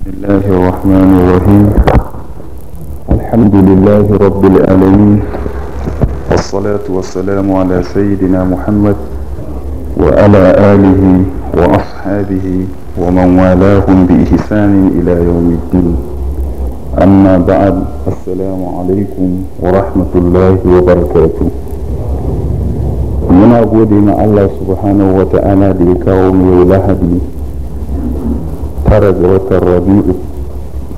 بسم الله الرحمن الرحيم الحمد لله رب العالمين والصلاة والسلام على سيدنا محمد وعلى آله وأصحابه ومن والاهم بإحسان إلى يوم الدين أما بعد السلام عليكم ورحمة الله وبركاته من gode ma الله سبحانه وتعالى ta'ala da خرج وقت الربيع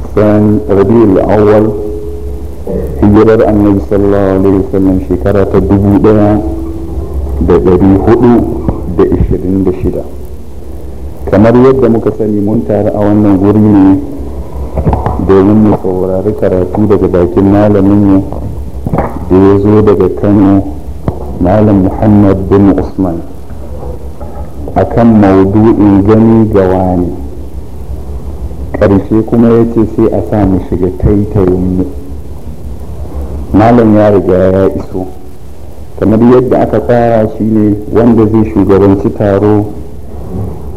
الثاني ربيع الاول هجرة النبي صلى الله عليه وسلم شكرة الدبوبية بدري هدو بإشرين بشدة كما يبدأ مكسني منتهى أول من غريني دوني فورا ركرة تودة باكي نالا مني ديزو دكا كانو نالا محمد بن عثمان أكم موضوع جني جواني ƙarshe kuma ya ce sai a sa mu shiga taitayin mu malam ya riga ya iso kamar yadda aka tsara shi ne wanda zai shugabanci taro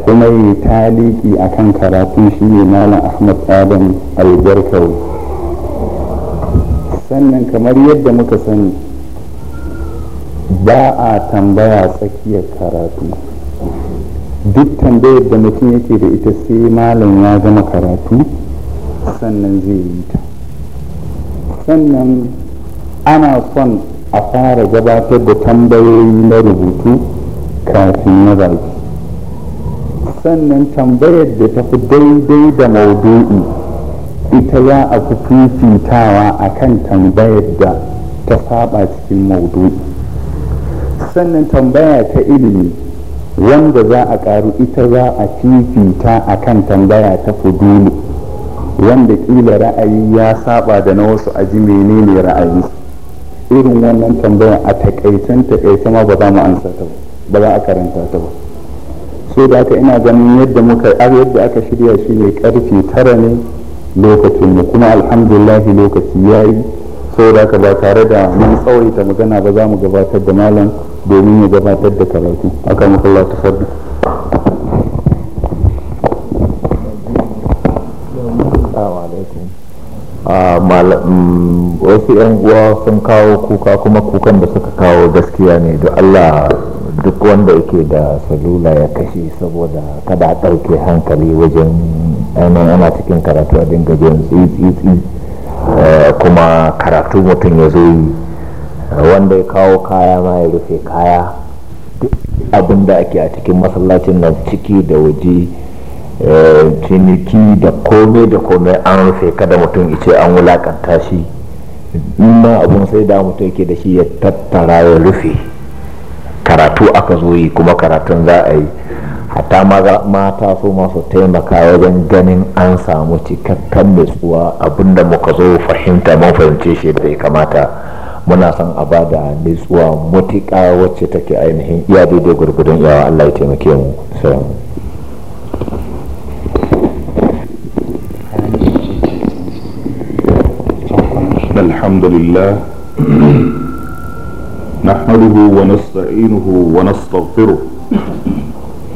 kuma yi taliki a kan karatun shi ne malam ahmad adam albarkaru sannan kamar yadda muka sani ba a tambaya tsakiyar karatu duk tambayar da mutum yake da ita sai malam ya gama karatu sannan zai yi ta sannan ana son a fara gabatar da tambayoyi na rubutu kafin na baki sannan tambayar da ta fi daidai da maudu'i ita ya a fifitawa a kan tambayar da ta saba cikin maudu'i sannan tambaya ta ilimi wanda za a ƙaru ita za a fifita a kan tambaya ta fudulu wanda ƙila ra'ayi ya saba da na wasu aji menene ra'ayi irin wannan tambaya a takaicen takaice ma ba za mu ansa ta ba za a karanta ta ba so da aka ina ganin yadda muka yadda aka shirya shi ne karfe tara ne lokacin mu kuma alhamdulillah lokaci ya yi. da ka ba tare da mun ta magana ba za mu gabatar da malam domin ya gabatar da karatu akan makallah ta fadu wasu 'yan uwa sun kawo kuka kuma kukan da suka kawo gaskiya ne da allah duk wanda yake da salula ya kashe saboda kada a ɗauke hankali wajen ainihin ana cikin karatu a dinga jin tsitsi Eh, kuma karatu mutum ya zo yi eh, wanda ya kawo kaya ma ya rufe kaya abin da ake a cikin masallacin nan ciki da waje eh, ciniki da komai da komai an rufe kada mutum ya ce an wulakanta shi ina ma abin sai da mutum yake da shi ya tattara ya rufe karatu aka zo yi kuma karatun za a yi hatta mata su masu taimaka wajen ganin an samu cikakken nutsuwa abinda muka zo fahimta mun fahimce shi da ya kamata muna son a ba da nutsuwa mutuƙa wacce take ainihin iya daidai gurgudun yawa allah ya taimake mu salamu الحمد لله نحمده ونستعينه ونستغفره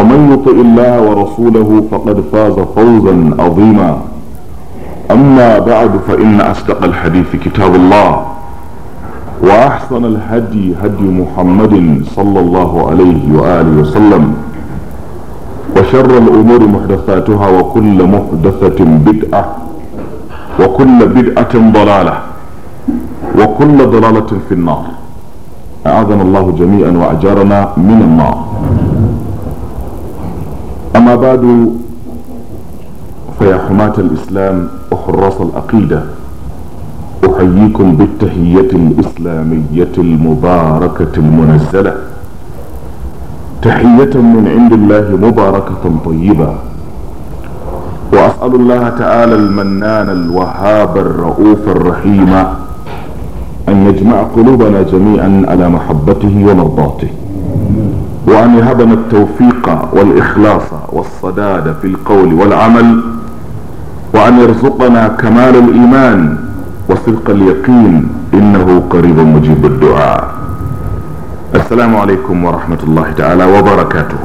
ومن يطع الله ورسوله فقد فاز فوزا عظيما أما بعد فإن أصدق الحديث كتاب الله وأحسن الهدي هدي محمد صلى الله عليه وآله وسلم وشر الأمور محدثاتها وكل محدثة بدعة وكل بدعة ضلالة وكل ضلالة في النار أعاذنا الله جميعا وأجارنا من النار بعد فيا حماة الإسلام أحرص العقيدة أحييكم بالتحية الإسلامية المباركة المنزلة تحية من عند الله مباركة طيبة وأسأل الله تعالى المنان الوهاب الرؤوف الرحيم أن يجمع قلوبنا جميعا على محبته ومرضاته وأن يهبنا التوفيق والإخلاص والصداد في القول والعمل وأن يرزقنا كمال الإيمان وصدق اليقين إنه قريب مجيب الدعاء السلام عليكم ورحمة الله تعالى وبركاته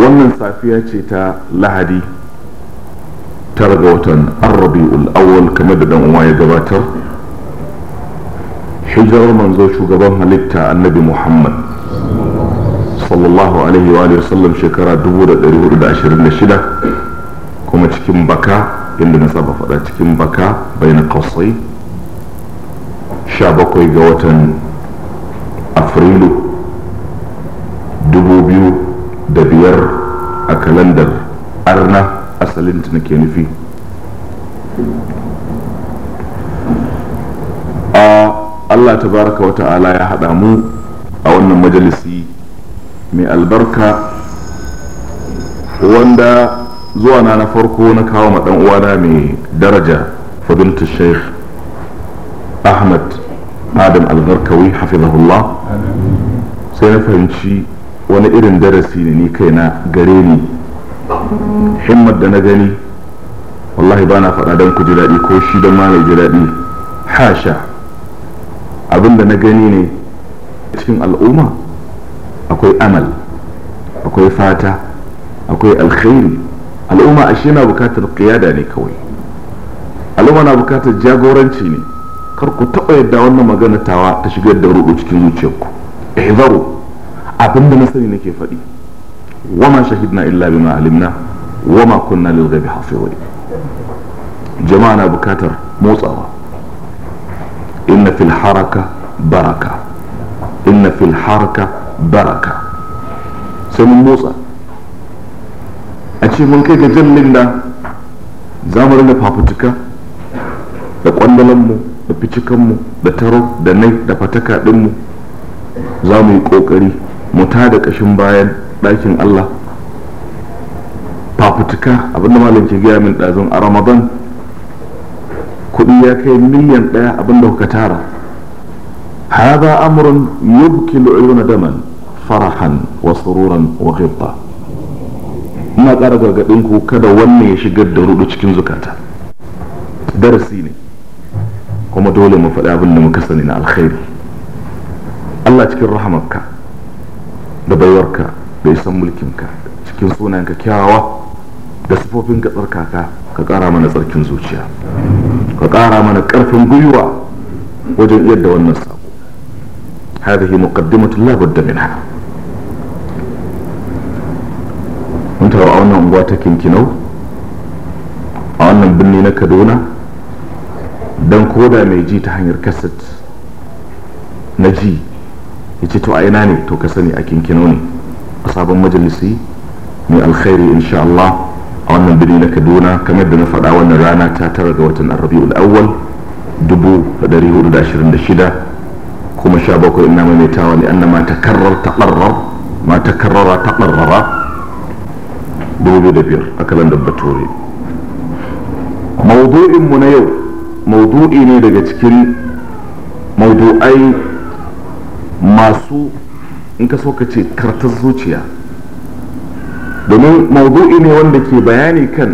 ومن safiya تا لهدي lahadi الربيع الأول watan وما awwal hijirar manzo shugaban halitta annabi muhammad sallallahu alaihi wa sallam shekara 1426 kuma cikin baka inda na saba fada cikin baka bai na kawsai 17 ga watan afrilu 2005 a kalandar arna asalin ta nake nufi Allah tabaraka wa ta'ala ya haɗa mu a wannan majalisi mai albarka wanda zuwa na na farko na kawo ma uwana mai daraja fadilta sheikh ahmad adam algarkawi hafizahullah sai na fahimci wani irin darasi ne ni kaina gare ni himmat da na gani wallahi ba na faɗa don ku ji daɗi ko shi don ma mai ji daɗi hasha Abin da na gani ne cikin al'umma akwai amal akwai fata akwai alkhairi al'umma ashe na bukatar qiyada ne kawai al'umma na bukatar jagoranci ne kar ku taɓa yadda wannan magana tawa ta shigar da rubu cikin zuciyarku ihzaru da na sani nake faɗi wama na illa bima alimna wama kunna lil ghaibi jama'a na bukatar motsawa في الحركة بركة إن في الحركة بركة سن موسى أشي من كيك جنن دا زامر da fafutuka da kwandalanmu da ficikanmu da taro da nai da fataka ɗinmu za mu yi ƙoƙari mu tada ƙashin bayan ɗakin Allah fafutuka abinda malam ke gaya min ɗazun a ramadan ya kai miliyan ɗaya da kuka tara amurin na daman farahan wa دما wa وسرورا وغبطة ƙara gargaɗin ku kada wannan ya shigar da rudu cikin zukata darasi ne kuma dole mu faɗi abin da muka sani na alkhairi Allah cikin rahamarka da baiwarka da isan mulkinka cikin sunanka kyawawa da sufofin ka kaka, ka ƙara mana tsarkin zuciya ka ƙara mana ƙarfin gwiwa wajen yadda wannan sako هذه muqaddimatu لا da minha mun tawo a wannan unguwa ta kinkinau a wannan birni na kaduna dan koda mai ji ta hanyar kaset na ji ya to a ina ne to ka sani a kinkinau ne a sabon majalisi mai alkhairi insha Allah a wannan birni na kaduna kamar da na faɗa wannan rana ta tara ga watan rabiul awwal 1426 kuma 17 ina maimaitawa ne na ma takarrar takarrar ma takarrara takarrara 2005 a kalandar bature mu na yau maudu'i ne daga cikin maudu'ai masu in ka so ka ce kartar zuciya domin mawdu'i ne wanda ke bayani kan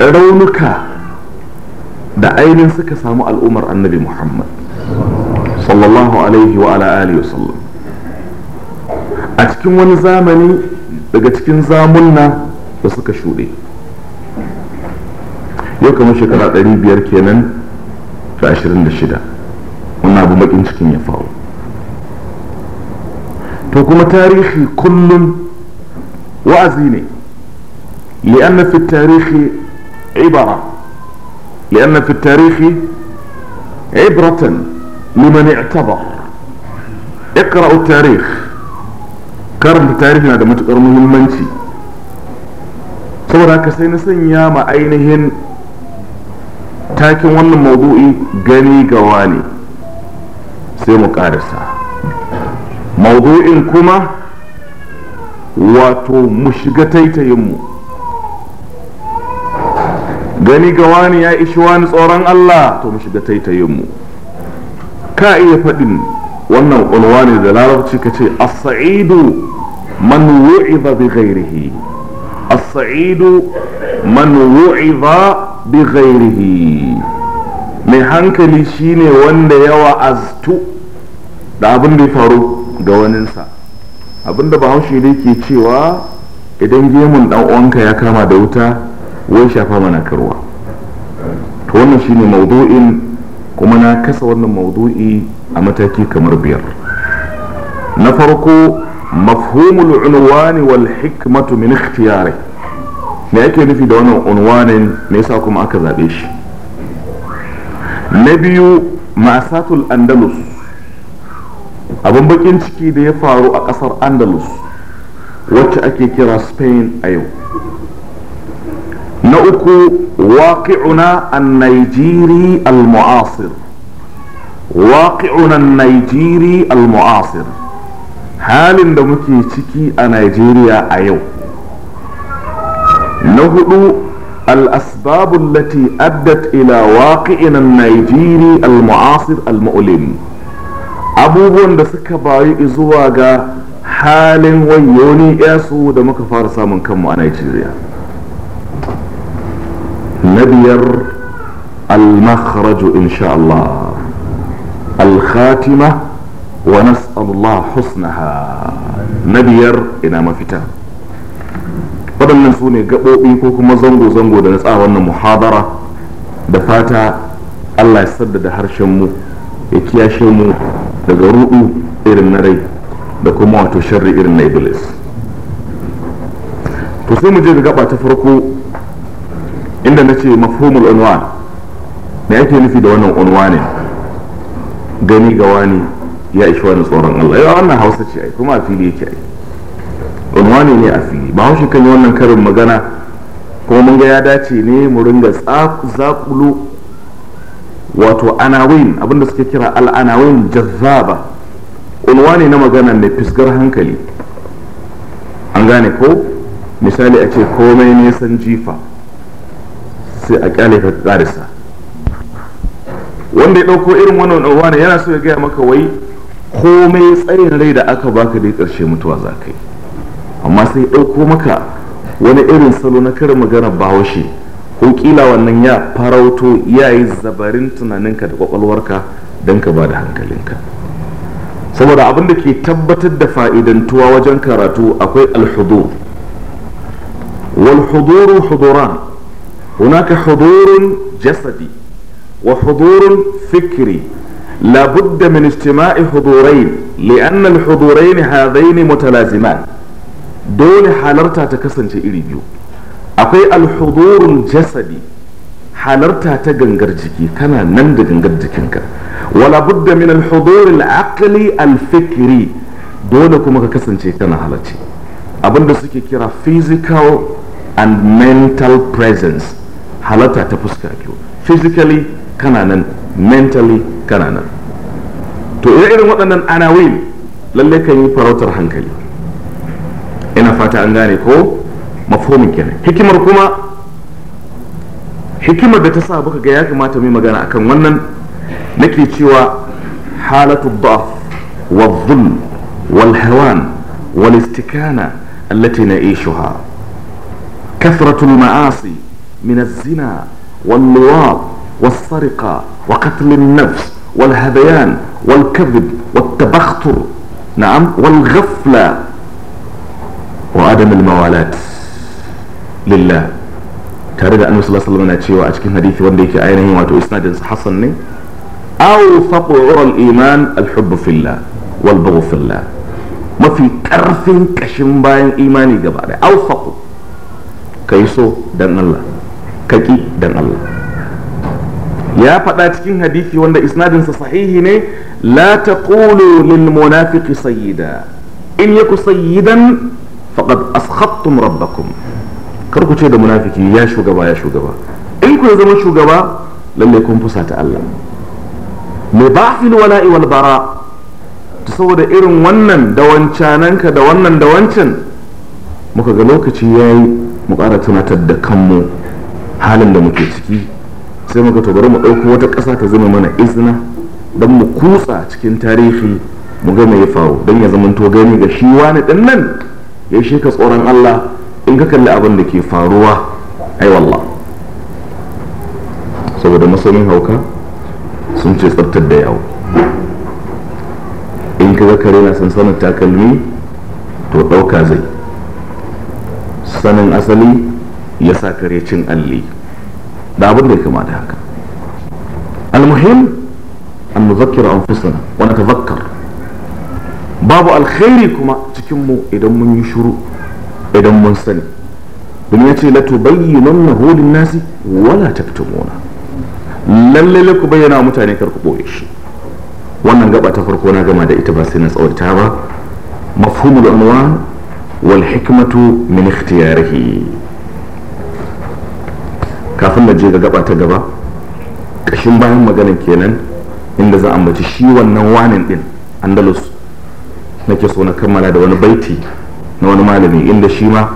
raunuka da ainihin suka samu al'ummar annabi muhammad sallallahu alaihi wa ala alihi sallam. a cikin wani zamani daga cikin zamunna da suka shuɗe yau kamar shekara 500 kenan da 26 wannan abu makin cikin ya faru to kuma tarihi kullum wa'azi ne li'anna fi tarihi ibara li'anna fi tarihi ibratan liman i'tabar iqra'u tarikh karanta tarihi na da matukar muhimmanci saboda haka sai na sanya ma ainihin takin wannan maudu'i gani gawa ne sai mu karasa maudu'in kuma wato mu shiga mu? gani ga wani ya ishi wani tsoron Allah to mu shiga mu? ka iya faɗin wannan ƙulwa ne da larabci ka ce as-sa'idu man wu'iza bi ghairihi as-sa'idu man wu'iza bi ghairihi mai hankali shine wanda yawa aztu da abin da ya faru ga waninsa abinda bahaushe ne ke cewa idan gemun dan uwanka ya kama da wuta wai shafa mana karwa to wannan shine maudu'in kuma na kasa wannan maudu'i a mataki kamar biyar na farko mafhumul unwani wal hikmatu min ikhtiyari me yake nufi da wannan unwanin me yasa kuma aka zabe shi na biyu masatul andalus abin bakin ciki da ya faru a kasar andalus wacce ake kira spain a yau na uku waƙi'una a naijiri al-mu'asir waƙi'una naijiri al-mu'asir halin da muke ciki a nigeria a yau na hudu الأسباب التي أدت إلى واقعنا al المعاصر المؤلم abubuwan da suka bayu zuwa ga halin wayoni yasu da muka fara samun kanmu a Najeriya. na biyar al-makharaju insha Allah al-khatima wa nas'alullah husnaha na biyar ina mafita waɗannan sune ne gaɓoɓi ko kuma zango-zango da na tsara wannan muhabara da fata Allah ya saddada harshen mu ya kiyashe mu daga ru'u irin na rai da kuma wato sharri irin na iblis to sai mu je ga gaba ta farko inda na ce mafhumul unwa me yake nufi da wannan ne gani ga wani ya ishi wani tsoron Allah ya eh, wannan hausa ce ai kuma a fili yake ai unwani ne a fili ba haushi kan yi wannan karin magana kuma mun ga ya dace ne mu ringa zaƙulo wato anawin abinda suke kira al'anawin jazzaba unwa ne na magana mai fisgar hankali an gane ko misali a ce komai nisan jifa sai a kyale ka karisa wanda ya ɗauko irin wannan unwa ne yana so ya gaya maka wai komai tsayin rai da aka baka dai ƙarshe mutuwa za ka yi amma sai ɗauko maka wani irin salo na karin magana bawashe ko kila wannan ya farauto ya yi zabarin tunaninka da kwakwalwarka don ka ba da hankalinka saboda abin da ke tabbatar da fa’idantuwa wajen karatu akwai alhudur walhuduru huduran hunaka hudurun jasadi wa hudurun fikri labudda min istima'i hudurai li'anna alhudurai ne hadhaini mutalaziman dole halarta ta kasance iri biyu akwai alhudurun jasadi halarta ta gangar jiki kana nan da gangar jikinka wala budda min alhudurul aqli alfikri dole kuma ka kasance kana halarci abinda suke kira physical and mental presence halarta ta fuska kyau physically kana nan mentally kana nan to irin waɗannan anawin lalle kan yi farautar hankali ina fata an gane ko mafhumin kenan hikimar kuma hikimar da ta sa baka ga ya kamata mu yi magana akan wannan nake cewa halatu daf wa dhulm wal hawan wal istikana allati na'ishuha كثرة المعاصي من الزنا واللواط والسرقة وقتل النفس والهذيان والكذب والتبختر نعم والغفلة وعدم الموالاة lillah tare da annabi sallallahu alaihi wasallam na cewa a cikin hadisi wanda yake ainihin wato isnadin hasan ne aw faqur al-iman al-hubb fillah wal bughd fillah mafi karfin kashin bayan imani gaba da aw faqu kai so dan Allah kaki dan Allah ya faɗa cikin hadisi wanda isnadinsa sahihi ne la taqulu lil munafiqi sayyida in yaku sayyidan faqad askhattum rabbakum kar ku ce da munafiki ya shugaba ya shugaba in ku zama shugaba lalle kun ta Allah mai ba'il wala'i wal bara saboda irin wannan da wancananka da wannan da wancan muka ga lokaci yayi mu ƙara tunatar da kanmu halin da muke ciki sai muka to bari mu ɗauko wata ƙasa ta zama mana izina don mu kutsa cikin tarihi mu ga mai faru don ya zamanto gani ga shi wani ɗin nan ya shi ka tsoron Allah in ka kalli abin da ke faruwa ai walla saboda masanin hauka sun ce tsabtar da yawo in ka ga kare na sansanin takalmi to ɗauka zai sanin asali ya sa kare cin alli da abin da ya kama da haka المهم أن wani أنفسنا Babu alkhairi kuma cikinmu idan mun yi shuru. idan mun sani domin ya ce la na hulin nasi wala taktumuna lalle ku bayyana mutane kar ku boye shi wannan gaba ta farko na gama da ita ba sai na tsawarta ba mafhumul anwan wal hikmatu min ikhtiyarihi kafin na je ga gaba ta gaba kashin bayan maganar kenan inda za a ambaci shi wannan wanin din andalus nake so na kammala da wani baiti na wani malami inda shi ma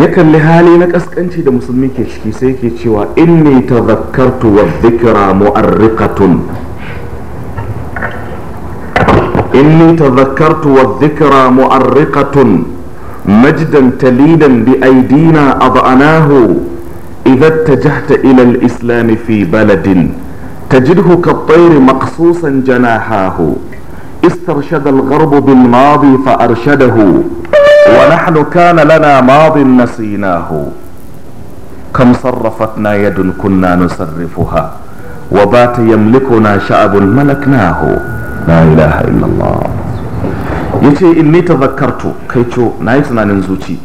ya kalli hali na kaskanci da musulmi ke ciki sai ke cewa inni tazakkartu wa zikira mu'arriqatun inni tazakkartu wa dhikra mu'arriqatun majdan talidan bi aidina adanahu idza ittajahta ila al-islam fi baladin tajidhu ka-tayri maqsusan janahahu استرشد الغرب بالماضي فأرشده ونحن كان لنا ماض نسيناه كم صرفتنا يد كنا نصرفها وبات يملكنا شعب ملكناه لا إله إلا الله يتي إني تذكرت كيتو نايتنا ننزوتي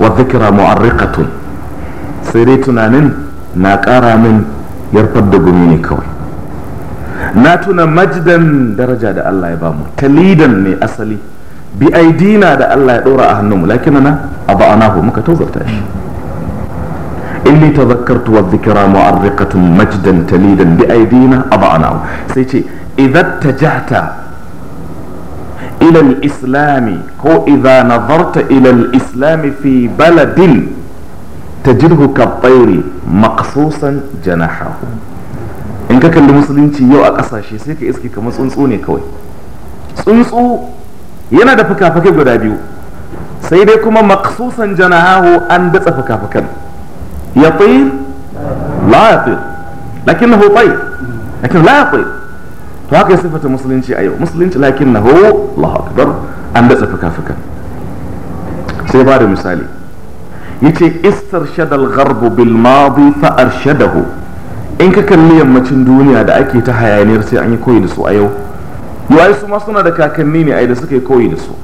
والذكرى معرقة سيريتنا نن ناكارا من يرتد قميني كوي na tuna majdan daraja da Allah ya bamu talidan mai asali bi aidina da Allah ya ɗora a hannunmu lakinana aba'anahu muka tozarta shi inni tazakkartu wa dhikra mu'arriqatun majdan talidan bi aidina aba'anahu sai ce idza tajahta إلى الإسلام هو إذا نظرت إلى fi baladin بلد ka كالطير مقصوصا جناحه in ka kalli musulunci yau a ƙasashe sai ka iske kamar tsuntsu ne kawai tsuntsu yana da fuka-fukai guda biyu sai dai kuma maksusan janahahu an datsa fuka-fukan ya tsayi la ya tsayi lakin na tsayi lakin la ya tsayi to haka ya sifata musulunci a yau musulunci lakin na ho la akbar an datsa fuka-fukan sai ba da misali yace istar shadal gharbu bil madi fa arshadahu in ka kalli yammacin duniya da ake ta hayaniyar sai an yi koyi da su a yau yawai su ma suna da kakanni ne ai da suka yi koyi da su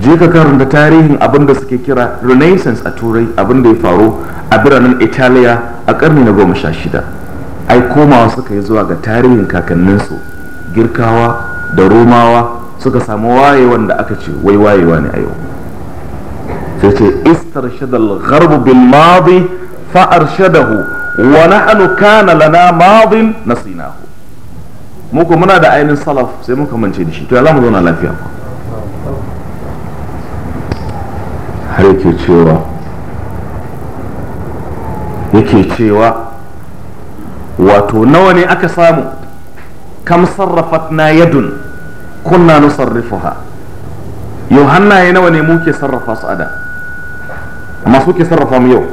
je ka karanta tarihin abin da suke kira renaissance a turai abin da ya faru a biranen italiya a karni na goma sha shida ai komawa suka yi zuwa ga tarihin kakanninsu girkawa da romawa suka samu wayewan da aka ce wai wayewa ne a yau sai ce istar shadal gharbu bil madi fa wa nahnu kana lana madin nasinahu mu ko muna da ainihin salaf sai muka mance da shi to ya za mu zauna lafiya har yake cewa yake cewa wato nawa ne aka samu kam sarrafat na yadun kunna ha? yau hannaye nawa ne muke sarrafa su ada amma suke sarrafa mu yau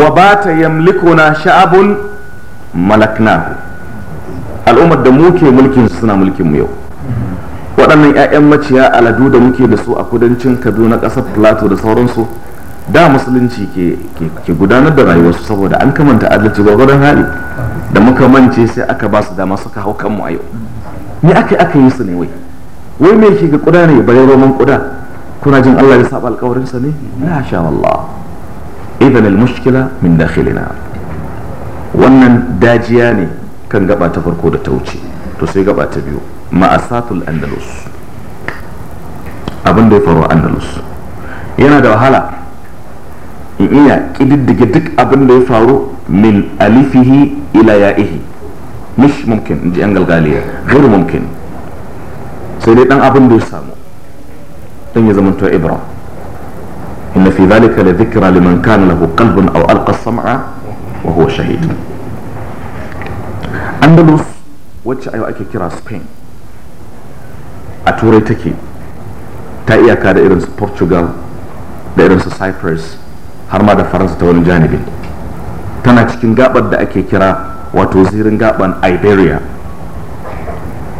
wa bata na sha'abun malaknahu al'ummar da muke mulkin suna mulkin yau waɗannan 'ya'yan maciya aladu da muke da su a kudancin kaduna ƙasar plateau da sauransu da musulunci ke gudanar da rayuwarsu saboda an kamanta adalci gudan hali da muka mance sai aka ba su dama suka hau kanmu a yau ni aka aka yi su ne wai wai me ke ga ne bayan roman kuda kuna jin allah ya saba alkawarinsa ne na sha Allah idan al-mushkila min dakhilina wannan dajiya ne kan gaba ta farko da ta wuce to sai gaba ta biyu ma'asatul andalus abin da ya faru andalus yana da wahala in iya kididdige duk abin da ya faru min alifihi ila ya'ihi mish mumkin in ji yan galgaliya gairu mumkin sai dai dan abin da ya samu dan ya zama to ibra inna fi zalika la dhikra liman kana lahu qalbun aw alqa sam'a andalus wacce ayo ake kira spain a turai take ta iyaka da irin portugal da irinsu su har ma da faransa ta wani janibi tana cikin gabar da ake kira wato zirin gaban iberia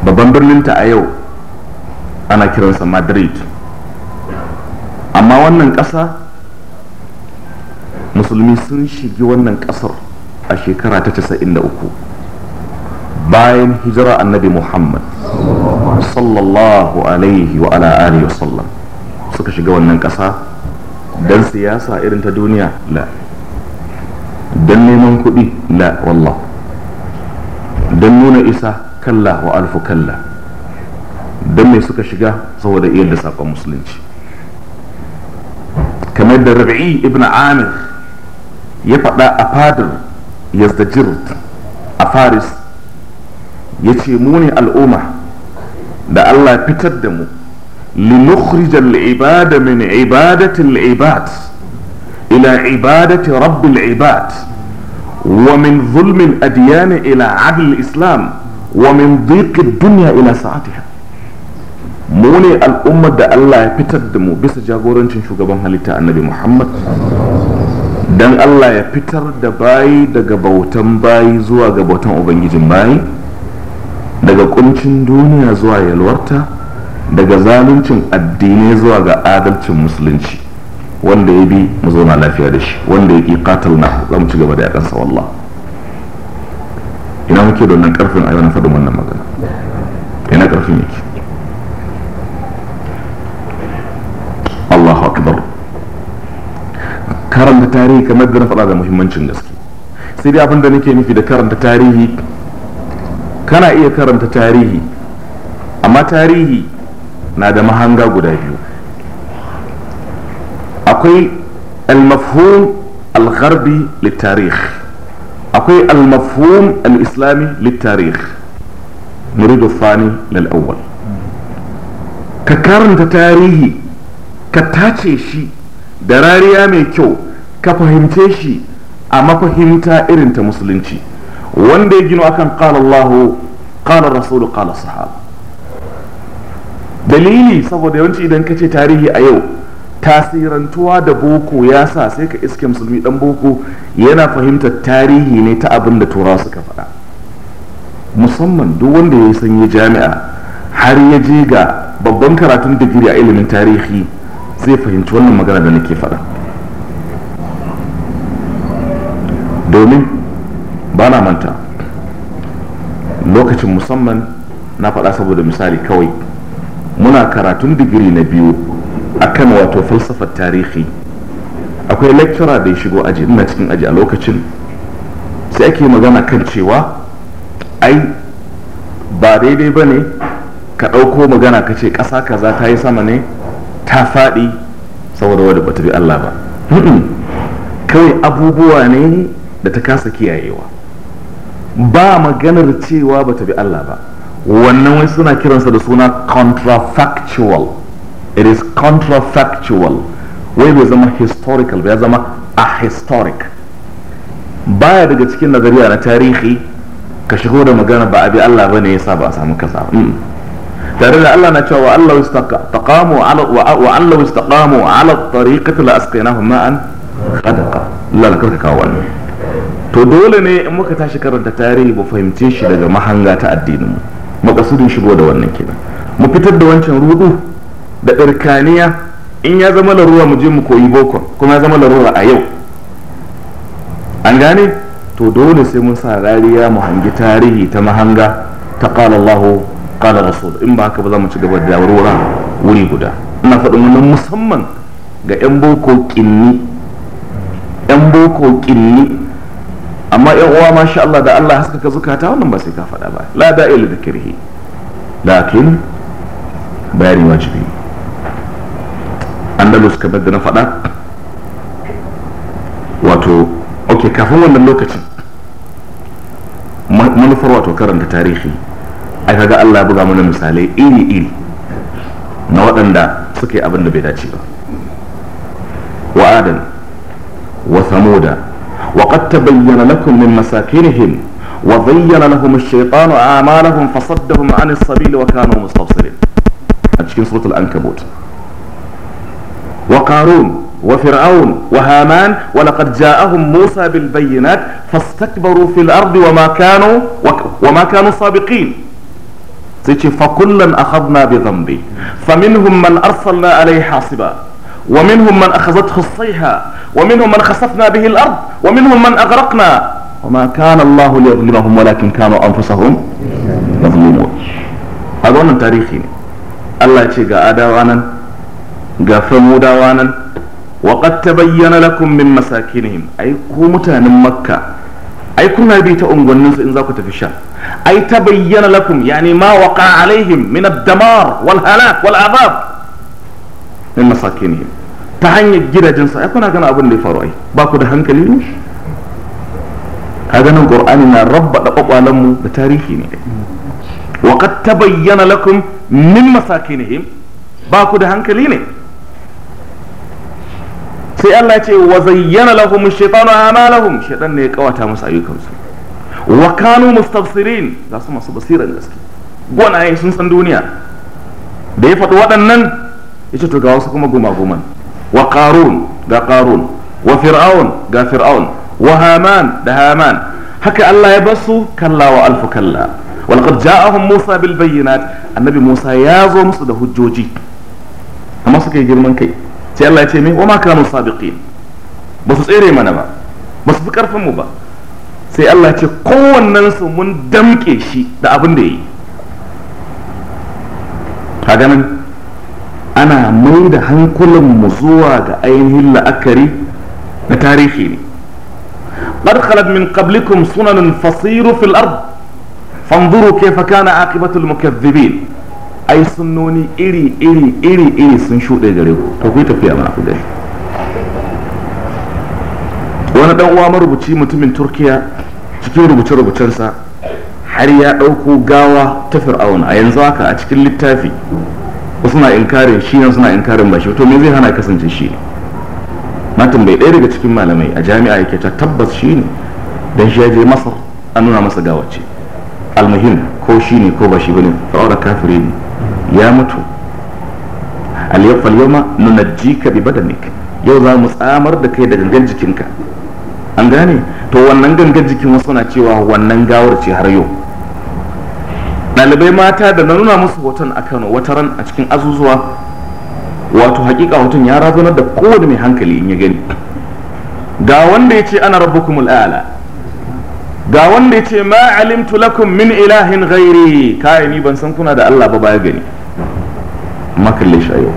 babban birninta a yau ana kiransa madrid amma wannan ƙasa musulmi sun shigi wannan ƙasar a shekara ta 93 bayan hijira annabi muhammad sallallahu alaihi wa ala wa sallam suka shiga wannan ƙasa don siyasa irin ta duniya la don neman kuɗi la wallah don nuna isa kalla wa alfu kalla don me suka shiga saboda iya da saƙon musulunci كمان الربعي ابن عامر يفضى أفادر يستجر أفارس يتيموني الأمة دا الله يتقدمه لنخرج العبادة من عبادة العباد إلى عبادة رب العباد ومن ظلم الأديان إلى عدل الإسلام ومن ضيق الدنيا إلى ساعتها mu ne al'ummar da Allah ya fitar da mu bisa jagorancin shugaban halitta annabi Muhammad dan Allah ya fitar da bayi daga bautan bayi zuwa ga bautan ubangijin bayi daga kuncin duniya zuwa yalwarta daga zaluncin addini zuwa ga adalcin musulunci wanda ya bi mu zauna lafiya da shi wanda ya ƙi katal na za mu ci gaba da kansa wallah ina muke don nan karfin a yau na faɗin wannan magana ina karfin yake karanta tarihi kamar da na faɗa da muhimmancin gaske sai dai abin da nake nufi da karanta tarihi kana iya karanta tarihi amma tarihi na da mahanga guda biyu akwai al-mafhum al-gharbi littarikh akwai al-mafhum al-islami littarikh nuridu fani lal-awwal ka karanta tarihi ka tace shi da rariya mai kyau ka fahimce shi a mafahimta irin ta musulunci wanda ya gino akan qala Allah qala rasul qala sahaba dalili saboda yawanci idan ka ce tarihi a yau tasirantuwa da boko ya sa sai ka iske musulmi dan boko yana fahimtar tarihi ne ta abin da turawa suka faɗa musamman duk wanda ya yi sanya jami'a har ya je ga babban karatun digiri a ilimin tarihi zai fahimci wannan magana da nake faɗa domin ba na manta lokacin musamman na faɗa saboda misali kawai muna karatun digiri na biyu akan wato falsafar tarihi akwai lecturer da ya shigo aji ina cikin aji a lokacin sai ake magana kan cewa ai ba daidai ba ne ka ɗauko magana ka ce ƙasa kaza ta yi sama ne ta faɗi saboda wadda ba ta bi Allah ba kawai abubuwa ne da ta kasa kiyayewa ba maganar cewa ba ta bi Allah ba wannan wai suna kiransa da suna contrafactual it is contrafactual wai bai zama historical bai zama a historic. baya daga cikin nazariya na tarihi ka shigo da magana ba a bi Allah ne yasa ba a samu kasa mm. tare da Allah na cewa wa Allah istaqamu ala wa Allah istaqamu ala tariqati la asqinahum ma'an qadaqa Allah ka kawo wannan to dole ne in muka tashi karanta tarihi mu fahimce shi daga mahanga ta addinin mu makasudin shigo da wannan kenan mu fitar da wancan rudu da irkaniya in ya zama larura mu je mu koyi boko kuma ya zama laruwa a yau an gane to dole sai mun sa rariya mu hangi tarihi ta mahanga ta qala Allah qala rasul in ba haka ba za mu ci gaba da warwara wuri guda ina faɗin wannan musamman ga 'yan boko kinni 'yan boko kinni amma yan uwa sha Allah da Allah haskaka zukata wannan ba sai ka faɗa ba la da ila dhikrihi lakin bayani wajibi andalus ka bada na faɗa wato okay kafin wannan lokacin manufar wato karanta tarihi ai kaga Allah ya buga mana misalai iri-iri na waɗanda suka yi abin da bai dace ba wa adan wa samuda وقد تبين لكم من مساكنهم وضين لهم الشيطان أعمالهم فصدهم عن السبيل وكانوا مستبصرين أتشكين سورة الأنكبوت وقارون وفرعون وهامان ولقد جاءهم موسى بالبينات فاستكبروا في الأرض وما كانوا وما كانوا سابقين فكلا أخذنا بذنبه فمنهم من أرسلنا عليه حاصبا ومنهم من أخذته الصيحة ومنهم من خسفنا به الأرض ومنهم من أغرقنا وما كان الله ليظلمهم ولكن كانوا أنفسهم يظلمون هذا وانا تاريخي الله يتشيق آدوانا قفموا دوانا وقد تبين لكم من مساكنهم أي من مكة أي كنا بيت أمو الناس إن زاكت في الشام أي تبين لكم يعني ما وقع عليهم من الدمار والهلاك والعذاب من مساكنهم ta hanyar gidajen sa kuna gana abin da ya faru ai ba ku da hankali ne kaga qur'ani na rabba da kwakwalen mu da tarihi ne wa qad tabayyana lakum min masakinihim ba ku da hankali ne sai Allah ce wa zayyana lahum shaytanu a'malahum shaytan ne ya kawata musu ayyukansu wa kanu mustafsirin ga su masu basiran gaske gwanaye sun san duniya da ya faɗi waɗannan ya ce to ga wasu kuma goma goman wa qarun ga qarun wa fir'aun ga fir'aun wa haman da haman haka Allah ya basu kalla wa alfu kalla wal qad ja'ahum Musa bil bayyinat annabi Musa ya zo musu da hujjoji amma suka yi girman kai sai Allah ya ce mai wa ma kanu sabiqin ba su tsere mana ba ba su fi karfin mu ba sai Allah ce kowannen su mun damke shi da abin da yi ka ganin ana mai da mu zuwa ga ainihin la'akari na tarihi ne ɓarkalar min qablikum sunanin fasiru fil ard fanzuru ke faka na akibatul mukazzibin ai sunnoni iri iri iri iri sun shuɗe gare ku wani dan uwa marubuci mutumin turkiya cikin rubuce rubucensa har ya ɗauko gawa ta fir'auna a yanzu haka a cikin littafi wasu na inkarin shi nan suna inkarin ba shi to me zai hana kasance shi ne na bai ɗaya daga cikin malamai a jami'a yake ta tabbas shi ne don shi ya je masar an nuna masa gawace almuhim ko shi ne ko ba shi bane fa'aura kafiri ne ya mutu al-yawfal yawma nunajjika bi badanik yau za mu tsamar da kai da gangan jikinka an gane to wannan gangan jikin wasu na cewa wannan gawar ce har yau Dalibai mata da na nuna musu hoton a kano wata ran a cikin azuzuwa wato hakika hoton ya razunar da kowane mai hankali in ya gani ga wanda ya ce ana kuma al'ala ga wanda ya ce ma alimtu lakum min ilahin ghairi kai ni ban san kuna da Allah ba baya gani makalle shi yau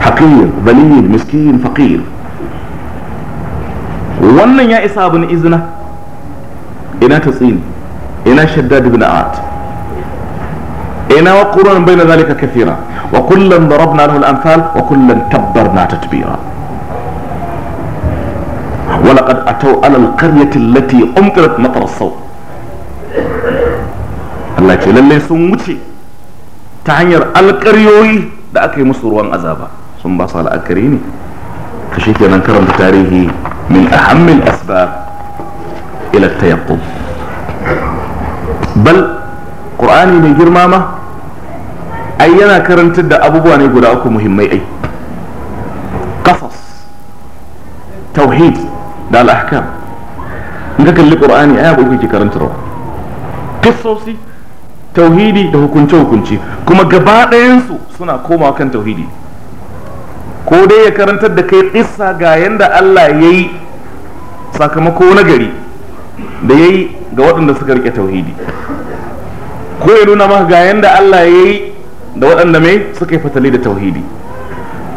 haqir balil miskin faqir wannan ya isa bin izna ina tasini ina shaddad ibn a'at بين وقرون بين ذلك كثيرا وكلا ضربنا له الأمثال وكلا تبرنا تتبيرا ولقد أتوا على القرية التي أمطرت مطر الصوت الله يقول للي سنوتي تعير القريوي da aka yi musu ruwan azaba sun ba su la'akari ne ka shi kenan karanta tarihi min ahammin asba ila ai yana karantar da abubuwa ne guda uku muhimmai ai kasas tauhid da al'ahkam in ka kalli qur'ani aya uku ke karantarwa kasosi tauhidi da hukunce hukunci kuma gaba ɗayansu suna komawa kan tauhidi ko dai ya karantar da kai qissa ga yanda Allah ya yi sakamako na gari da yi ga waɗanda suka rike tauhidi ko ya nuna maka ga yanda Allah ya yi. da waɗanda mai suka yi fatali da tauhidi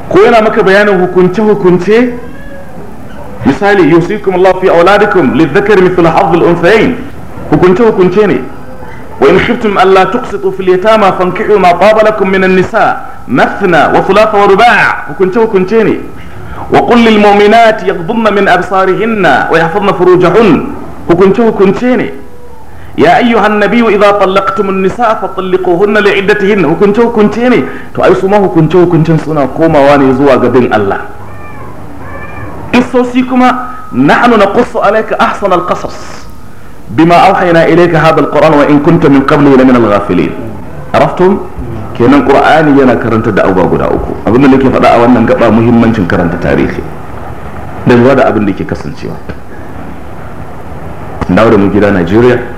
ko yana maka bayanin hukunce hukunce misali yusikum Allah fi auladikum lidhakari mithla hadd al-unthayayn hukunce hukunce ne wa in khiftum alla tuqsitu fil yatama fankihu ma qaba lakum min an-nisa mathna wa thulatha wa ruba' hukunce hukunce ne wa qul lil mu'minati yaghdhunna min absarihinna wa yahfazna furujahun hukunce hukunce ne ya ayyuhan nabiyyu idza tallaqtumun nisa fatalliquhunna li'iddatihin hukunce hukunce ne to ai su ma hukunce suna komawa ne zuwa ga bin Allah isosi kuma nahnu naqussu alayka ahsan alqasas bima awhayna ilayka hadha alquran wa in kunta min qabli lamin alghafilin araftum kenan qur'ani yana karanta da abubuwa guda uku abin da nake faɗa a wannan gaba muhimmancin karanta tarihi da lura da abin da ke kasancewa dawo da mu gida Najeriya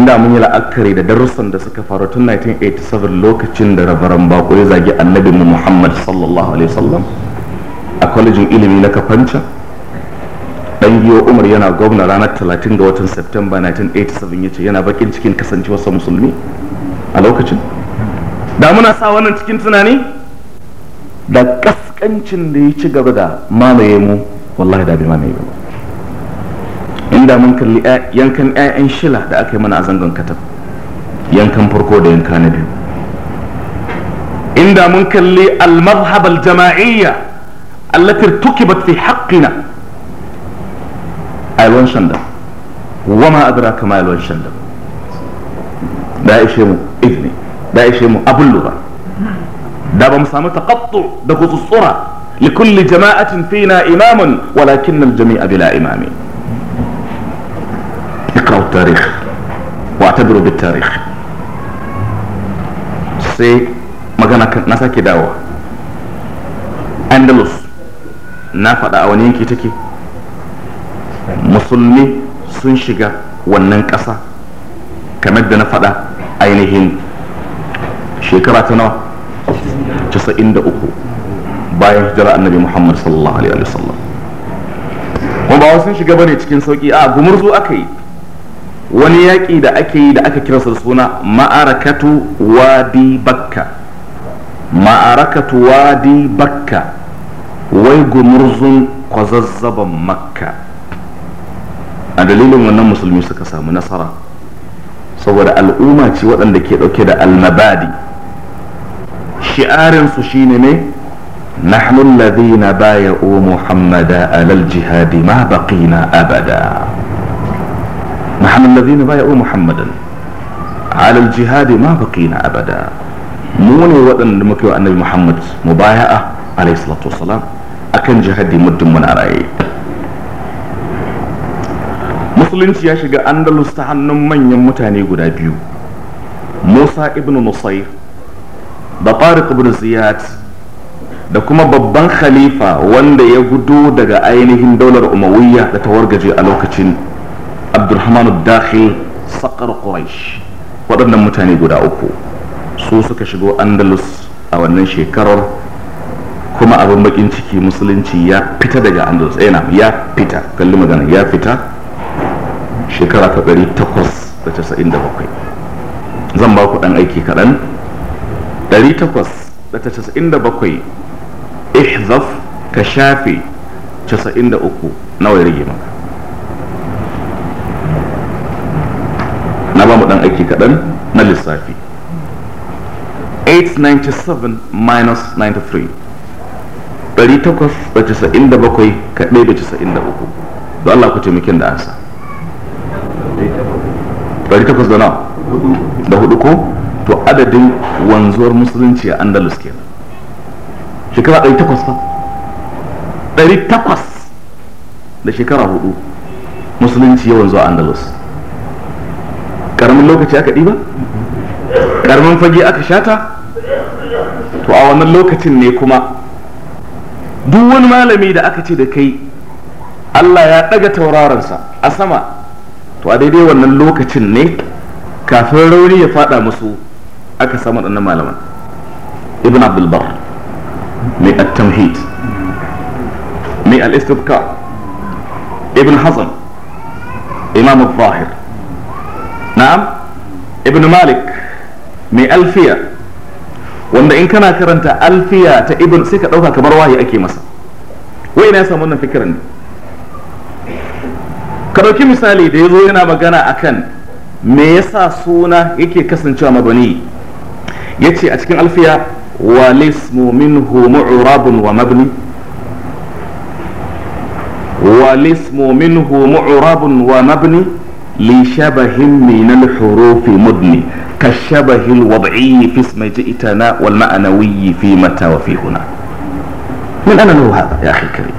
inda mun yi la'akari da darussan da suka faru tun 1987 lokacin da rabaran bako ya zagi annabi mu muhammad sallallahu alaihi wasallam a kwalejin ilimi na kafanca dan giyo umar yana gwamna ranar 30 ga watan September 1987 ya ce yana bakin cikin kasance wasu musulmi a lokacin da muna sa wannan cikin tunani da kaskancin da ya ci gaba da mamaye mu wallahi da bi mamaye ba. inda mun kalli yankan 'ya'yan shila da aka yi mana a zangon katab yankan farko da yanka na biyu inda mun kalli al-madhhab al-jama'iyya allati tukibat fi haqqina aywan shanda wa ma adraka ma aywan shanda da ishe mu ibni da ishe mu abul lugha da ba mu samu taqattu da gutsutsura لكل جماعة فينا إمام ولكن الجميع بلا إمامين اقرأ التاريخ واعتبر بالتاريخ سي مغانا نساكي داوة اندلس نافع اوانين كي تكي musulmi sun shiga wannan ƙasa kamar da na faɗa ainihin shekara ta nawa 93 bayan hijira annabi muhammad sallallahu alaihi wasallam kuma ba sun shiga bane cikin sauƙi a gumurzu aka yi wani yaƙi da ake yi da aka kiransa da suna ma'arakatu wadi bakka ma'arakatu wadi bakka wai gumurzun kwazazzaban makka a dalilin wannan musulmi suka samu nasara saboda al'umma ce waɗanda ke ɗauke da almabadi shi'arinsu shine ne nahnu alladhina baya'u muhammada alal jihadi ma baqina abada نحن الذين بايعوا محمدا على الجهاد ما بقينا أبدا موني وأن مكيو النبي محمد مبايعة عليه الصلاة والسلام أكن جهادي مد من أرأي musulunci ya shiga andalus ta hannun manyan mutane guda biyu musa ibn nusayr da tariq ibn ziyad da kuma babban khalifa wanda ya gudu daga ainihin daular umawiyya da ta wargaje a lokacin abdulrahman dakhil sakar quraish waɗannan mutane guda uku su suka shigo andalus a wannan shekarar kuma abin bakin ciki musulunci ya fita daga andalus yana eh, ya fita kalli magana ya fita shekara ta bakwai? zan ba ku ɗan aiki kaɗan ɗari da da bakwai? ihzaf ka shafe uku, nawa ya rage maka aiki kaɗan na lissafi 897 minus 93 897 kaɗai da 93 don Allah ku taimakin da ansa 800 da nawa da hudu ko to adadin wanzuwar musulunci a andalus kenan shekara 800 fa 800 da shekara hudu musulunci ya wanzu a andalus karamin lokaci aka ɗiba karamin fage aka shata to a wannan lokacin ne kuma duk wani malami da aka ce da kai Allah ya ɗaga tauraronsa a sama to a daidai wannan lokacin ne kafin rauni ya fada musu aka samu ɗannan malaman ibn abdulbar mai at-tamhid mai al-istibka ibn hazan imam al-zahir na'am ibn malik mai alfiya wanda in kana karanta alfiya ta ibn sai ka ɗauka kamar wahayi ake masa wai ina ya samu wannan fikirin ka ɗauki misali da ya zo yana magana akan me yasa suna yake kasancewa mabani ya ce a cikin alfiya wa lismu minhu mu'rabun wa mabni wa lismu mu'rabun wa mabni لشبه من الحروف مدني كالشبه الوضعي في اسم جئتنا والمعنوي في متى وفي هنا من أنا له هذا يا أخي الكريم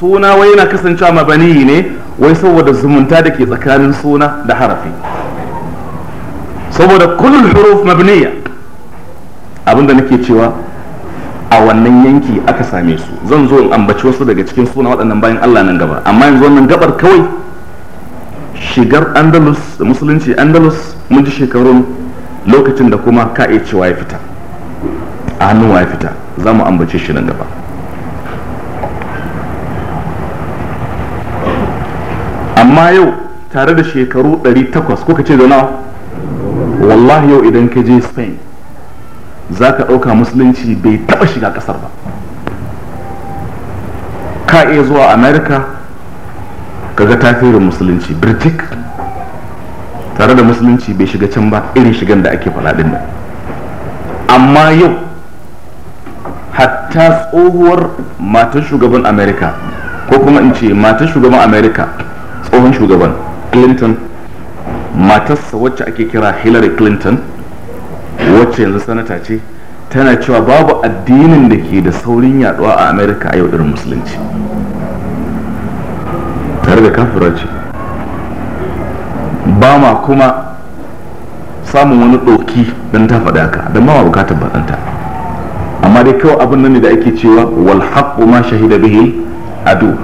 suna wai yana kasancewa mabani ne wai saboda zumunta da ke tsakanin suna da harafi saboda kullum huruf mabniya Abin abinda nake cewa a wannan yanki aka same su zan zo in ambaci wasu daga cikin suna waɗannan bayan Allah nan gaba amma yanzu wannan gabar kawai shigar andalus musulunci andalus mun ji shekarun lokacin da kuma ka iya cewa ya fita a hannun ya fita za mu ambace shi nan gaba amma yau tare da shekaru 800 ko ka ce da nawa wallahi yau idan ka je spain za ka ɗauka musulunci bai taɓa shiga ƙasar ba ka iya zuwa amerika. kaga tasirin musulunci birtik tare da musulunci bai shiga can ba irin shigan da ake faɗaɗin nan amma yau hatta tsohuwar matan shugaban amerika ko kuma in ce matan shugaban amerika tsohon shugaban clinton matarsa wacce ake kira hillary clinton wacce yanzu sanata ce tana cewa babu addinin da ke da saurin yaduwa a amerika a yau irin musulunci tare da kafiraci ba ma kuma samun wani ɗoki don ta faɗa haka don ma bukatar baɗanta amma dai kawai abin nan ne da ake cewa wal haqqu ma shahida bihi adu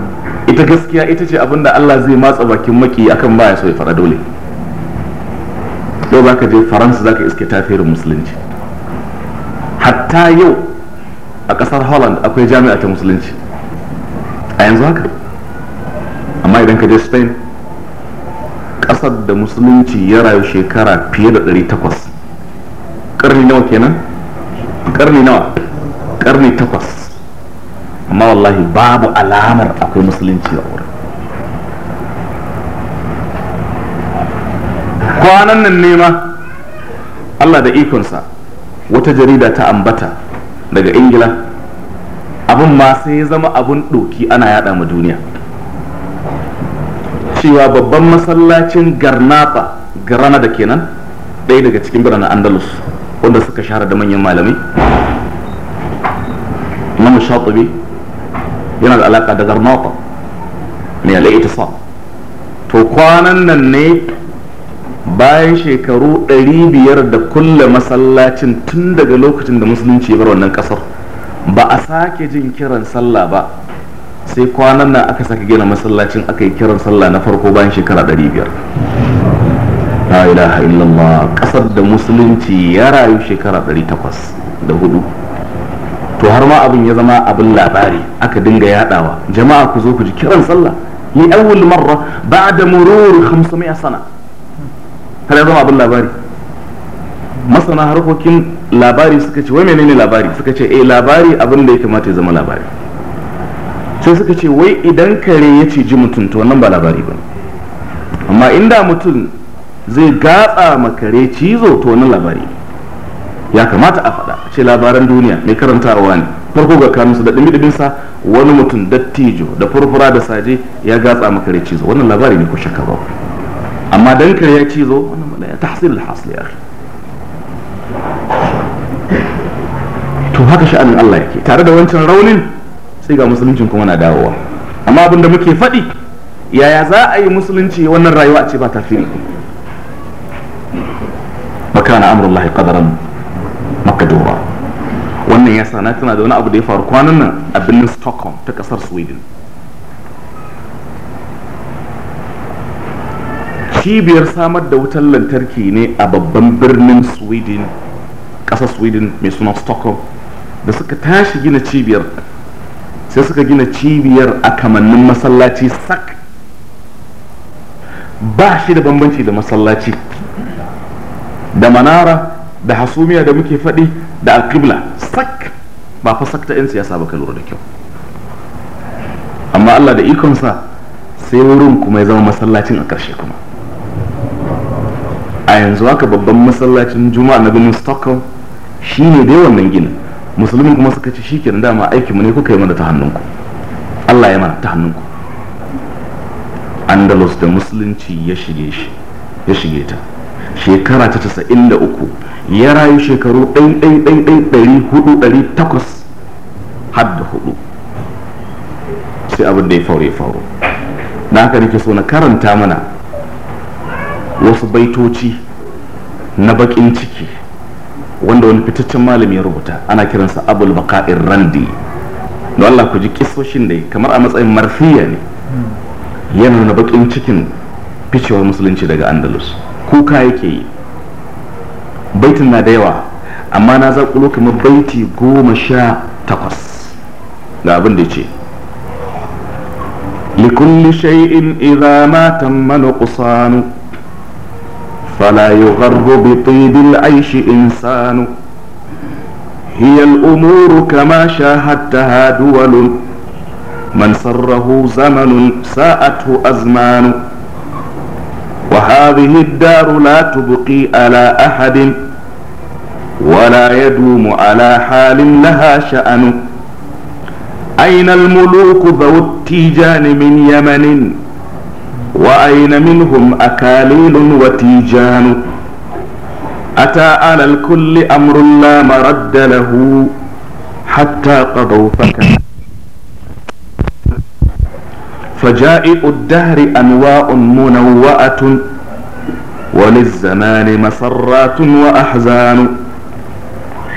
ita gaskiya ita ce abin da Allah zai matsa bakin maki akan baya so ya fara dole yau za ka je faransa za ka iske tafirin musulunci hatta yau a ƙasar holland akwai jami'a ta musulunci a yanzu haka amma idan ka je spain ƙasar da musulunci ya rayu shekara fiye da 800 ƙarni nawa kenan ƙarni nawa ƙarni takwas amma wallahi babu alamar akwai musulunci a wurin kwanan nan nema allah da ikonsa wata jarida ta ambata daga ingila abin ma sai ya zama abin ɗoki ana yada ma duniya cewa babban masallacin garnata granada kenan ɗaya daga cikin biranen andalus wanda suka shahara da manyan malamai na mashaɗubi yana da alaƙa da garnata mai sa to kwanan nan ne bayan shekaru 500 da kulle masallacin tun daga lokacin da musulunci ya bar wannan ƙasar ba a sake jin kiran sallah ba sai kwanan nan aka saka gina masallacin aka yi kiran sallah na farko bayan shekara 500 la ilaha illallah kasar da musulunci ya rayu shekara 800 da hudu to har ma abin ya zama abin labari aka dinga yadawa jama'a ku zo ku ji kiran sallah li awwal marra ba'da murur 500 sana har ya zama abin labari masana harkokin labari suka ce wai menene labari suka ce eh labari abin da ya kamata ya zama labari sai suka ce wai idan kare ya ciji mutum to wannan ba labari ba amma inda mutum zai gatsa ma kare cizo to wannan labari ya kamata a faɗa ce labaran duniya mai karantawa ne farko ga kanunsa da ɗumi sa wani mutum dattijo da furfura da saje ya gatsa ma kare cizo wannan labari ne ko shakka ba amma dan kare ya cizo wannan ba ya tahsil da hasli to haka sha'anin Allah yake tare da wancan raunin sai ga musuluncin kuma na dawowa amma abin da muke faɗi yaya za a yi musulunci wannan rayuwa ce ba tafiri amurin lahi qadaran makadura wannan ya sa na tana da wani abu da ya faru kwanan nan a birnin stockholm ta ƙasar sweden cibiyar samar da wutar lantarki ne a babban birnin sweden ƙasar sweden mai suna stockholm da suka tashi gina cibiyar sai suka gina cibiyar a kamannin masallaci sak ba shi da bambanci da masallaci da manara da hasumiya da muke faɗi da alqibla sak ba fa sak ta 'yan siyasa ba ka lura da kyau amma Allah da ikonsa sai wurin kuma ya zama masallacin a ƙarshe kuma a yanzu haka babban masallacin juma'a na birnin stockholm shine dai wannan ginin musulmin kuma suka ce shi kenan dama aikinmu ne kuka yi mana ta hannunku allah ya mana ta hannunku andalus da musulunci ya shige shi ya shige ta shekara ta tasa'in da uku ya rayu shekaru ɗai ɗai ɗai ɗai ɗari hudu ɗari takwas har da hudu sai abin da ya faru ya faru na haka nake so na karanta mana wasu baitoci na baƙin ciki wanda wani fitaccen malami ya rubuta ana kiransa abul baka'ir randi da Allah ku ji kisoshin da kamar a matsayin marfiya ne yana nuna bakin cikin ficewar musulunci daga andalus kuka yake yi baitin na da yawa amma na zaƙulo kamar baiti goma sha takwas ga abin da ce likulli shay'in idza ma tamma nuqsanu فلا يغر بطيب العيش إنسان هي الأمور كما شاهدتها دول من سره زمن ساءته أزمان وهذه الدار لا تبقي على أحد ولا يدوم على حال لها شأن أين الملوك ذو التيجان من يمن وأين منهم أكاليل وتيجان أتى على الكل أمر لا مرد له حتى قضوا فكان فجائع الدهر أنواع منوعة وللزمان مسرات وأحزان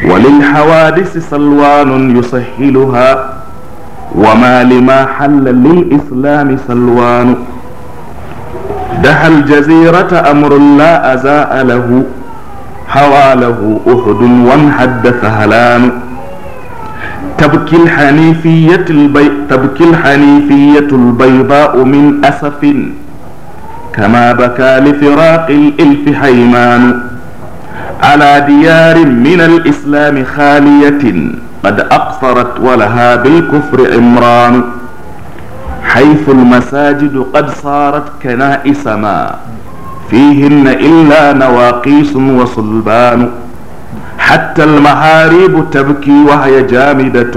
وللحوادث سلوان يسهلها وما لما حل للإسلام سلوان دحى الجزيرة أمر لا أزاء له هوى له أحد وانحد فهلان تبكي الحنيفية البي... تبكي الحنيفية البيضاء من أسف كما بكى لفراق الإلف حيمان على ديار من الإسلام خالية قد أقصرت ولها بالكفر عمران حيث المساجد قد صارت كنائس ما فيهن إلا نواقيس وصلبان حتى المهاريب تبكي وهي جامدة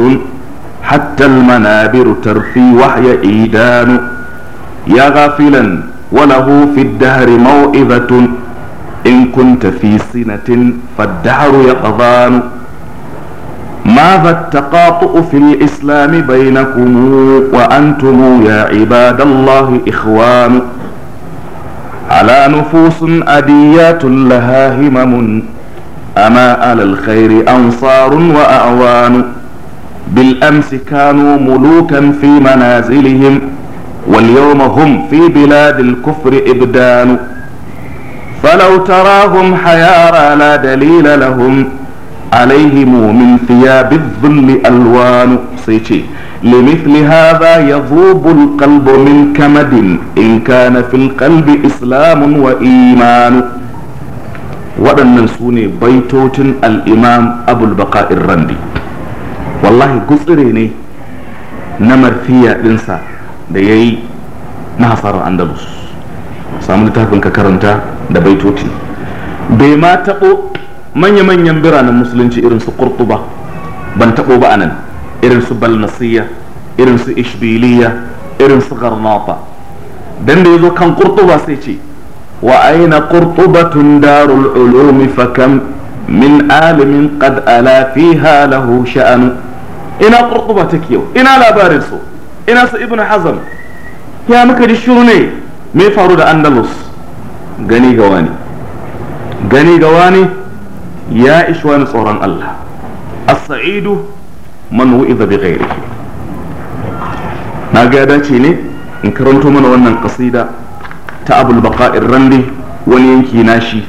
حتى المنابر ترفي وهي إيدان يا غافلا وله في الدهر موئبة إن كنت في سنة فالدهر يقضان ماذا التقاطؤ في الإسلام بينكم وأنتم يا عباد الله إخوان على نفوس أديات لها همم أما على الخير أنصار وأعوان بالأمس كانوا ملوكا في منازلهم واليوم هم في بلاد الكفر إبدان فلو تراهم حيارى لا دليل لهم alaihimu min thiyabi dhilli alwanu sai ce لمثل هذا يذوب القلب من كمد إن كان في القلب إسلام وإيمان waɗannan su ne baitotin al'imam abulbaka'ir randi wallahi gutsire ne na marfiya ɗinsa da ya yi na hasarar andalus samun littafin ka karanta da baitoci bai ma taɓo manya-manyan biranen musulunci irin su kurtuba ban taɓo ba anan irin su balnasiya irin su ishbiliya irin su garnata dan da ya zo kan kurtuba sai ce wa aina kurtubatun darul ulumi fa kam min alimin qad ala fiha lahu sha'anu ina kurtuba take yau ina labarin su ina su ibnu hazm ya muka ji shiru ne me faru da andalus gani ga wani gani ga wani ya ishwani tsoron Allah as-sa'idu man wu'iza bi ghairihi na ga dace ne in karanto mana wannan kasida ta abul baqa'ir wani yanki nashi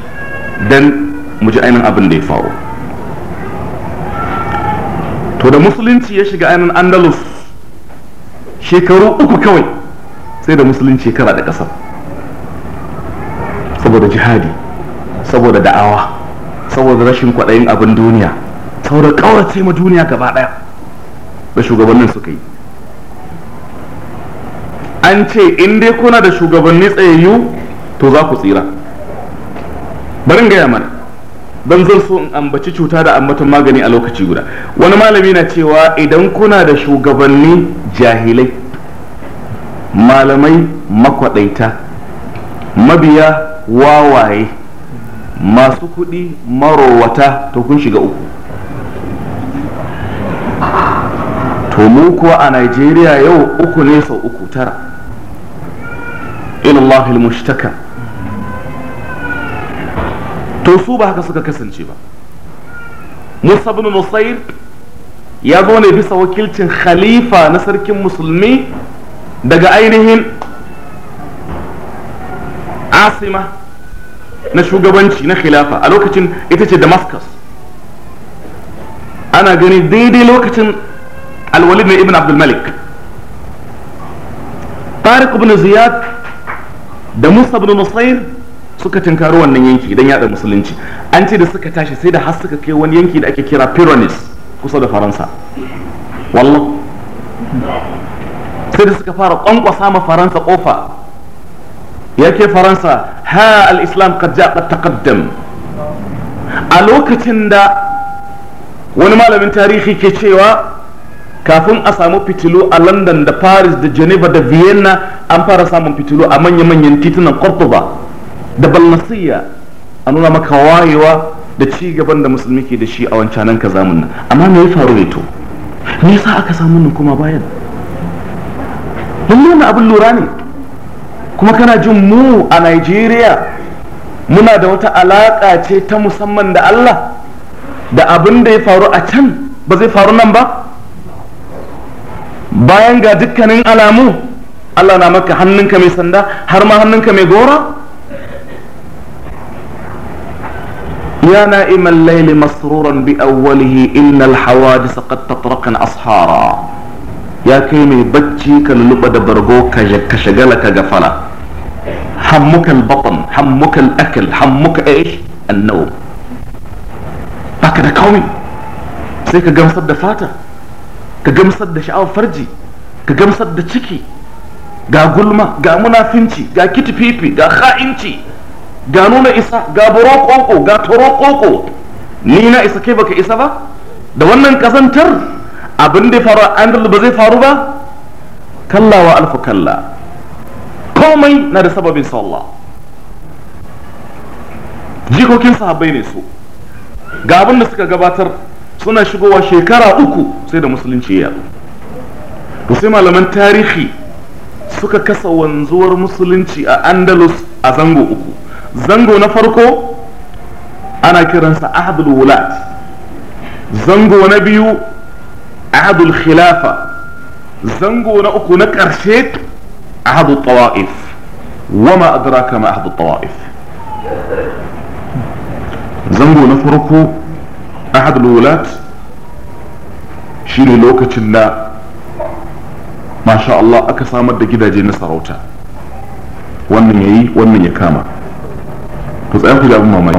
dan mu ji ainihin abin da ya faru to da musulunci ya shiga ainihin andalus shekaru uku kawai sai da musulunci kara da ƙasar saboda jihadi saboda da'awa saboda rashin kwaɗayin abin duniya saboda ƙaurace ma duniya gaba ɗaya da shugabannin suka yi an ce in dai kuna da shugabanni tsayayyu to za ku tsira barin gaya mana don zan so in ambaci cuta da ambaton magani a lokaci guda wani malami na cewa idan kuna da shugabanni jahilai malamai makwaɗaita mabiya wawaye masu kuɗi marowata to kun shiga uku to mu kuwa a najeriya yau uku ne sau uku tara ilallahil mushtaka to su ba haka suka kasance ba musa bin nusair ya zo ne bisa wakilcin khalifa na sarkin musulmi daga ainihin asima na shugabanci na khilafa a lokacin ita ce damascus ana gani daidai lokacin alwalid na ibn Abdulmalik. malik tariq ibn ziyad da musa ibn nusayr suka tinkaro wannan yanki idan yada musulunci an ce da suka tashi sai da har suka kai wani yanki da ake kira pyrenees kusa da faransa wallah sai da suka fara kwankwasa ma faransa kofa ya ke faransa ha al-islam qad ja'a taqaddam a lokacin da wani malamin tarihi ke cewa kafin a samu fitilu a london da paris da geneva da vienna an fara samun fitilu a manya-manyan titunan cordoba da balmasiya a nuna maka wayewa da ci gaban da musulmi ke da shi a wancanan ka zamun nan amma me ya faru ne to me yasa aka samu nan kuma bayan lallai na abin lura ne kuma kana jin mu a Najeriya muna da wata alaƙa ce ta musamman da Allah da abin da ya faru a can ba zai faru nan ba bayan ga dukkanin alamu Allah na maka hannunka mai sanda har ma hannunka mai gora يا نائم الليل مسرورا بأوله إن الحوادث قد تطرق أصهارا يا كيمي بتشي shagala ka كشغلك غفلا همك البطن همك الاكل همك ايش النوم baka da kawai sai ka gamsar da fata ka gamsar da sha'awar farji ka gamsar da ciki ga gulma ga munafinci ga kitififi ga ha'inci ga nuna isa ga buro koko ga toro koko ni na isa kai baka isa ba da wannan kazantar abin da faru an ba zai faru ba kallawa alfu kalla komai na da sababin salla jikokin sahabbai ne su ga abin da suka gabatar suna shigowa shekara uku sai da musulunci ya to sai malaman tarihi suka kasa wanzuwar musulunci a andalus a zango uku zango na farko ana kiransa ahadul wulat zango na biyu ahadul khilafa zango na uku na ƙarshe أحد الطوائف وما أدراك ما أحد الطوائف زنب نفرك أحد الولاة شيري لوكة لا ما شاء الله أكسام الدكيدة جي نصروتا ومن يأي ومن يكاما فزأيك لأبو ماما